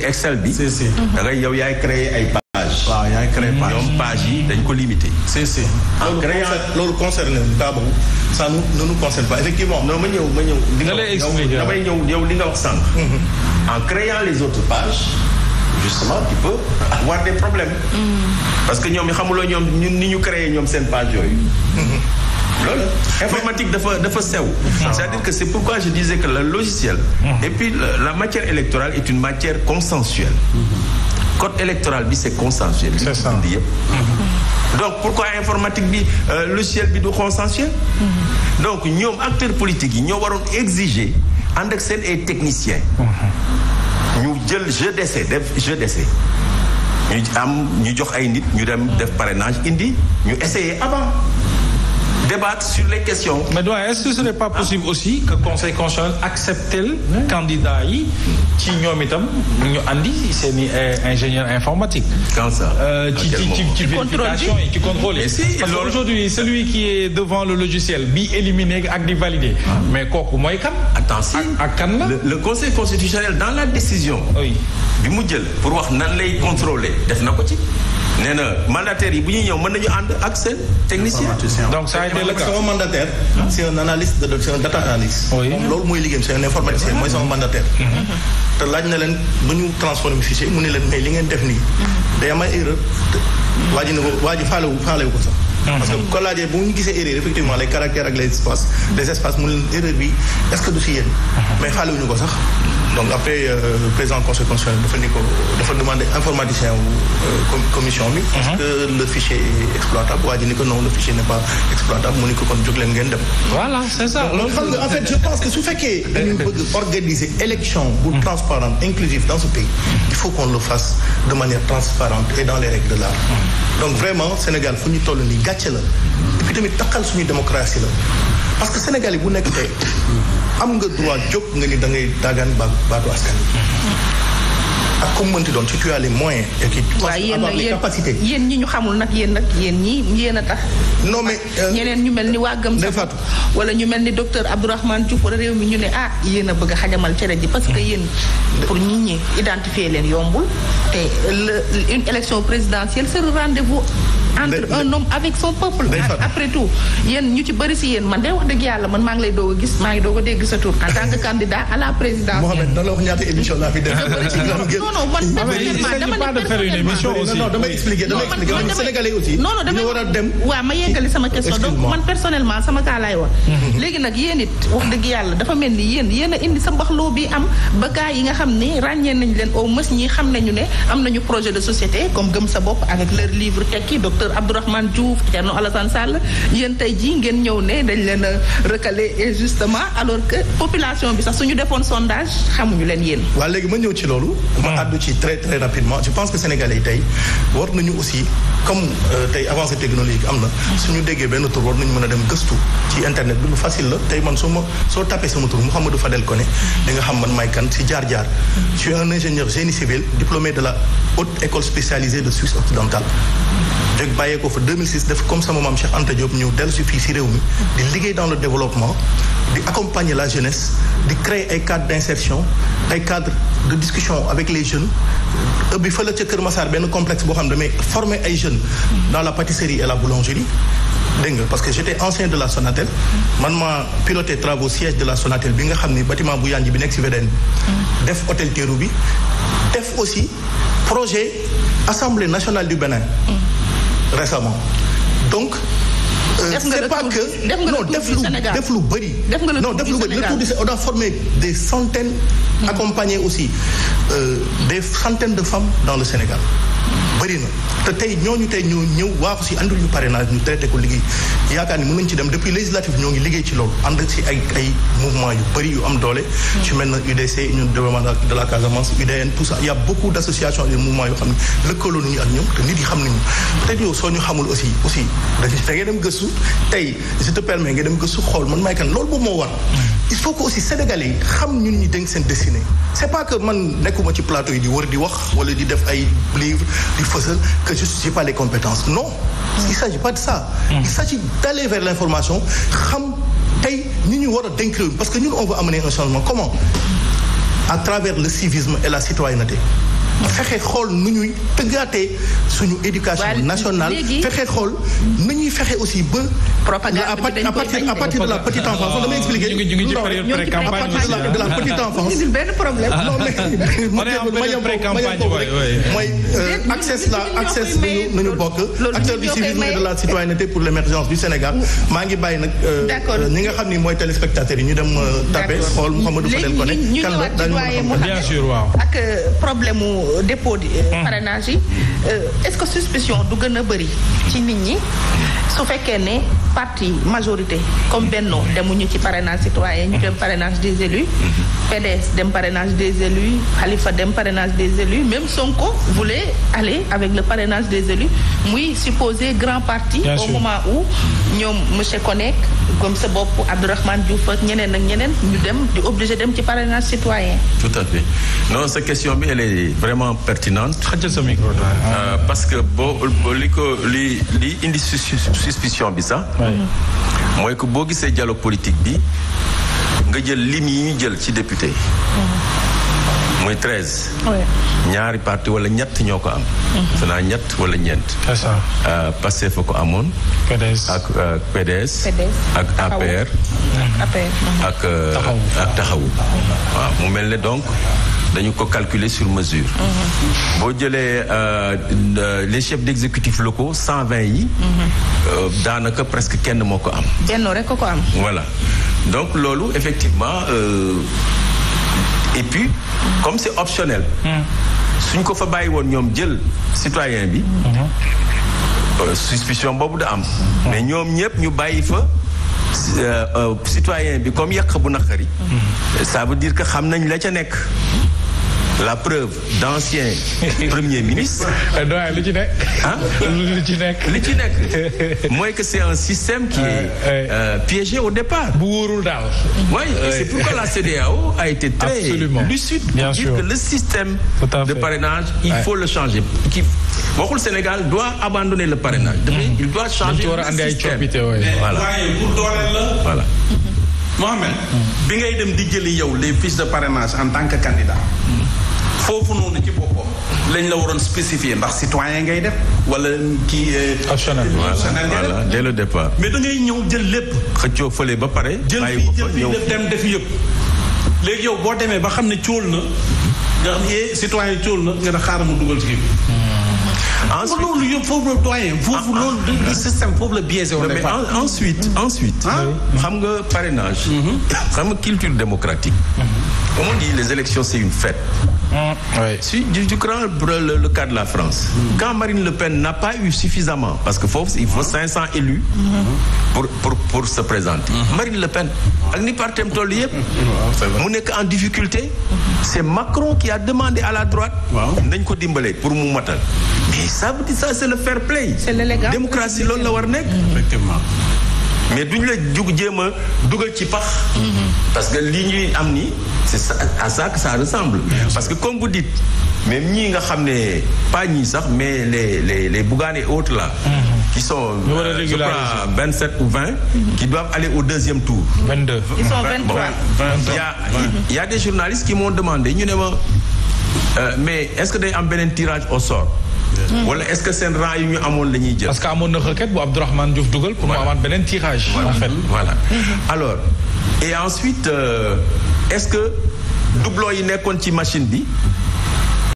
ci Excel bi. si si da ngay yow créer ay pages. waaw yaay créer page ñoom page yi dañ ko limité. si si en ah, créant loolu concerné wu cas boobu ça nous ne nous effectivement ma ñëw ma ñëw. li nga lay damay ñëw yow li nga wax sànq. Mm-hmm. en créant les autres pages. justement tu peux avoir problèmes. Mm. parce que ñoom xamuloo ñoom ñun ni ñu créer ñoom seen page yooyu. Mm-hmm. loolu informatique dafa dafa sew c'est-à-dire que c'est pourquoi je disais que le logiciel mmh. et puis la matière électorale est une matière consensuelle mmh. code électoral bi c'est consensuel yëpp mmh. donc pourquoi informatique bi euh, logiciel bi du consensuel donc ñoom acteurs politiques yi ñoo waroon exiger ànd ak seen ay technicien ñu jël jeu d'essai def jeu ñu jox ay nit ñu dem def parrainage indi ñu essayer avant débattre sur les questions. mais doyen est-ce que ce n'est pas possible aussi que conseil constitutionnel acceptel candidat yi ci ñoom itam ñu andi seen i eh, ingénieur informatique. quand ça euh, ci ci ci vérification yi ci contrôle yi. parce que aujourd'hui celui qui est devant le logiciel bi éliminé ak di validé. Ah. mais kooku mooy kan. attention ak kan la. le conseil constitutionnel dans la décision. oui bi mu jël pour wax nan lay contrôler def na ko ci. nee na mandataires yi bu ñuy ñëw mën nañu ànd ak seen technicien. donc ça a été le cas de c'est un data analyst. oui loolu mooy liggéeyam c'est un informaticien mooy sama mandataire. Mhm. te laaj na leen ba ñu transformé fichier mu ne leen mais li ngeen def nii. day am ay erreur. waa ji ne ko waa ji faalewu faalewu ko sax. parce que bu ko laajee bu ñu gisee erreur effectivement les caractères ak les espaces les espaces mu leen erreur bi est ce que du si yéen uh-huh. mais faalewuñu ko sax donc après euh, président conseil constitutionnel dafa ni dafa demandé informaticien wu euh, commission bi parce uh-huh. que le fichier est waa ji ni ko non le fichier n'est pas exploitable mu ni ko kon jóg ngeen dem voilà c'est ça loolu xam nga en fait je pense que su fekkee dañu bëgg organiser élection bu mm. transparente inclusive dans ce pays il gàcce la et puis tamit taqal suñu démocratie la parce que Sénégal yi bu nekk tey am nga droit jóg nga ni dangay ngay ba baatu askan ak comme mënti doon ci tu as les moyens et qui avoir yéen ñi ñu xamul nag yéen nag yéen ñi yéen a tax non mais euh, ñu mel ni waa Gëm Sa Bopp wala ñu mel ni docteur Abdourahmane Diouf wala réew mi ñu ne ah yéen a bëgg xajamal cere ji parce que yéen pour ñu ñi identifier leen yombul te une élection présidentielle c'est le entre un homme avec son peuple. après tout yéen ñu ci bëri si yéen man day wax dëgg yàlla man maa ngi lay doog a gis maa ngi doog a dégg sa tur en tant que candidat à la présidence. Mohamed nan la wax ñaata émission laa fi def. non non man dama ne personnellement non damay expliquer damay expliquer man sénégalais aussi. non non damay war a dem waaw ma yeggali sama question donc man personnellement sama kaa laay wax. léegi nag yéen it wax dëgg yàlla dafa mel ni yéen yéen a indi sa mbaxloo bi am ba gaa yi nga xam ne ràññee nañ leen au moins ñi xam nañu ne am nañu projet de société comme gëm sa bopp avec leur livre tekki docteur Abdourahmane Diouf Thierno Alassane Sall yéen tey jii ngeen ñëw ne dañ leen a recalé et justement alors que population bi sax suñu defoon sondage xamuñu leen yéen. waa léegi ma ñëw ci loolu. ma hmm. àddu ci très très rapidement je pense que sénégalais yi tey war nañu aussi comme euh, tey avancée technologique am na. suñu déggee benn tur war nañu mën a dem gëstu ci internet bi lu facile la tey man soo ma soo tapé sama fa Mouhamadou Fadel Koné di nga xam man may kan ci jaar jaar. un ingénieur génie civil diplômé de la haute école spécialisée de Suisse occidentale. bàyyee ko fa 2006 def comme sama maam Cheikh Anta Diop ñëw dellu si réew mi. di liggéey dans le développement di accompagner la jeunesse di créer ay cadres d'insertion ay cadres de discussion avec les jeunes. ëbbi fële ca Kër Massar benn complexe boo xam ne damay former ay jeunes. dans la pâtisserie et la boulangerie. dégg nga parce que j'étais ancien de la Sonatel. man maa piloté travaux siège de la Sonatel bi nga xam ni batiment bu yanj bi nekk si VDN def hôtel Terrou-Bi def aussi projet assemblée nationale du Bénin. récemment donc. Euh, c'est pas que def nga non def lu def lu bëri. def nga non def lu bëri retour du Sénégal on a formé des centaines. Hmm. accompagné aussi euh, des centaines de femmes dans le Sénégal. bëri na te tey ñooñu tey ñoo ñëw waaxu si andul ñu parrainage ñu traité ko liggéey yaakaar ni mën nañu ci dem depuis législative ñoo ngi liggéey ci loolu ànd si ay mouvement yu bëri yu am doole mm. ci mel na UDC union de développement de la Casamance UDN tout ça y a beaucoup d' associations et xam ne lëkkaloo te nit yi xam nañu peut être yow soo ñu xamul aussi aussi da ngay dem gëstu tey te permets nga dem gëstu xool man may kan loolu boobu moo war mm. il faut xam ñun ñu dénk seen destinée c' pas que man nekkuma ci plateau yi di fësal que je n'ai pas les compétences non mm. il s'agit pas de ça mm. il s'agit d'aller vers l'information xam tey ñi ñu war a dénk réew parce que ñun on veut amener un changement comment à travers le civisme et la citoyenneté fexe xool nu ñuy tëggaatee suñu éducation nationale. fexe xool nu ñuy fexe aussi ba. propagande bi à partir à partir de la petite enfance damay expliquer. ñu ngi ñu ngi ci pré campagne aussi à partir de la petite enfance. gisul benn problème. non mais ah. ma yem ko ma yem ko rek mooy euh, access la access nañu nañu bokk. acteur du civisme et de la citoyenneté pour l' du Sénégal maa ngi bàyyi nag. Euh, euh, ñi nga xam ni mooy téléspectateurs yi ñu dem. tapé xool Mouhamadou Fadel Koné. léegi ñu ñëwaat ci doyen Mouhamed ak problème mu. dépôt di euh, parrainage yi euh, est-ce que suspicion du gën a bëri ci nit ñi su fekkee ne parti majorité comme Benno demuñu ci parrainage citoyen ñu dem parrainage des élus PDS dem parrainage des élus Khalifa dem parrainage des élus même Sonko voulait aller avec le parrainage des élus muy supposé grand parti Bien au moment où ñoom monsieur Konek comme sa bopp Abdourahmane Diouf ak ñeneen ak ñeneen ñu dem di obligé dem ci parrainage citoyen tout à fait non sa question bi elle est vraiment pertinente xajal sa micro euh, parce que boo li ko li li indi suspicion bi sax mooy que boo gisee jalo politique bi nga jël lim yi ñu jël ci député mooy mm-hmm. muy ñaari parti wala ñett ñoo ko am. xanaa mm-hmm. ñett wala ñeent. c'est ça. Euh, Pastef fa ko amoon. PDS ak euh, PDS. ak APR. Mm-hmm. Euh, ak taxawu. waaw mu mel ne donc. dañu ko calculer sur mesure. boo jëlee euh, euh, les chefs d'exécutifs locaux cent vingt yi. Euh, daanaka presque kenn moo ko am. benn rek ko ko am. voilà donc loolu effectivement et puis comme c'est optionnel. suñ ko fa bàyyi woon ñoom jël citoyen bi. suspicion boobu da am. mais ñoom ñëpp ñu bàyyi fa. citoyen bi comme yàq bu naqari. ça veut dire que xam nañ la ca nekk. la preuve d'ancien premier ministre. doyen lu ci nekk. ci nekk. li ci nekk mooy que c'est un système qui est euh, euh, euh piégé au départ. bu wóorul daal. oui c'est euh, pourquoi la CEDEAO a été très Absolument. lucide que le système de parrainage il faut le changer qui waxul Sénégal doit abandonner le parrainage. dafay mm-hmm. il doit changer le système mm-hmm. ngay dem di jëli yow les fiches de parrainage en tant que candidat. foofu noonu ci boppam lañ la waroon spécifier ndax citoyen ngay def wala kii. Euh, optionnel voilà dès le départ. mais da ngay ñëw jël lépp. xëccoo fële ba pare. jël fii jël fii def dem def yëpp. léegi yow boo demee ba xam ne cóol na nga xam ne eh, citoyen cóol na nga ne xaaral ma dugal ci kii ensuite loolu yëpp foofu la doyen. foofu ah, loolu du ah, système foofu ensuite ensuite. Ah? xam nga parrainage. Mhm. xam nga culture démocratique. Mhm. comme on dit les élections c'est une fête. Mhm. oui si je le cas de la France. quand Marine Le Pen n'a pas eu suffisamment parce que foofu il faut 500 élus. pour pour pour se présenter. Marine Le Pen ak ni tol toll yëpp. mu nekk en difficulté. c'est Macron qui a demandé à la droite. waaw nañ ko dimbalee pour mu matal. mais ça veut dire ça c'est fair play. démocratie loolu la war nekk. effectivement. mais duñ la jug jéem a dugal ci pax. parce que li ñuy am ni c'est ça à ça sa ça ressemble. parce que comme vous dites même ñii nga xam ne pas ñii sax mais les les les Bougane et autres là. Mhm. qui sont euh, je crois 27 ou 20. qui doivent aller au deuxième tour. 22 ils sont 23 il y a il y a des journalistes qui ñu ne ma euh, mais est-ce que day am beneen tirage au sort. Mm. wala est-ce que seen rang yu ñu amoon la ñuy jël. parce que amoon na requête bu Abdourahmane Diouf dugal. pour mu amaat beneen tirage. en fait voilà mm-hmm. alors et ensuite euh, est-ce que doublon yi nekkoon ci machine bi.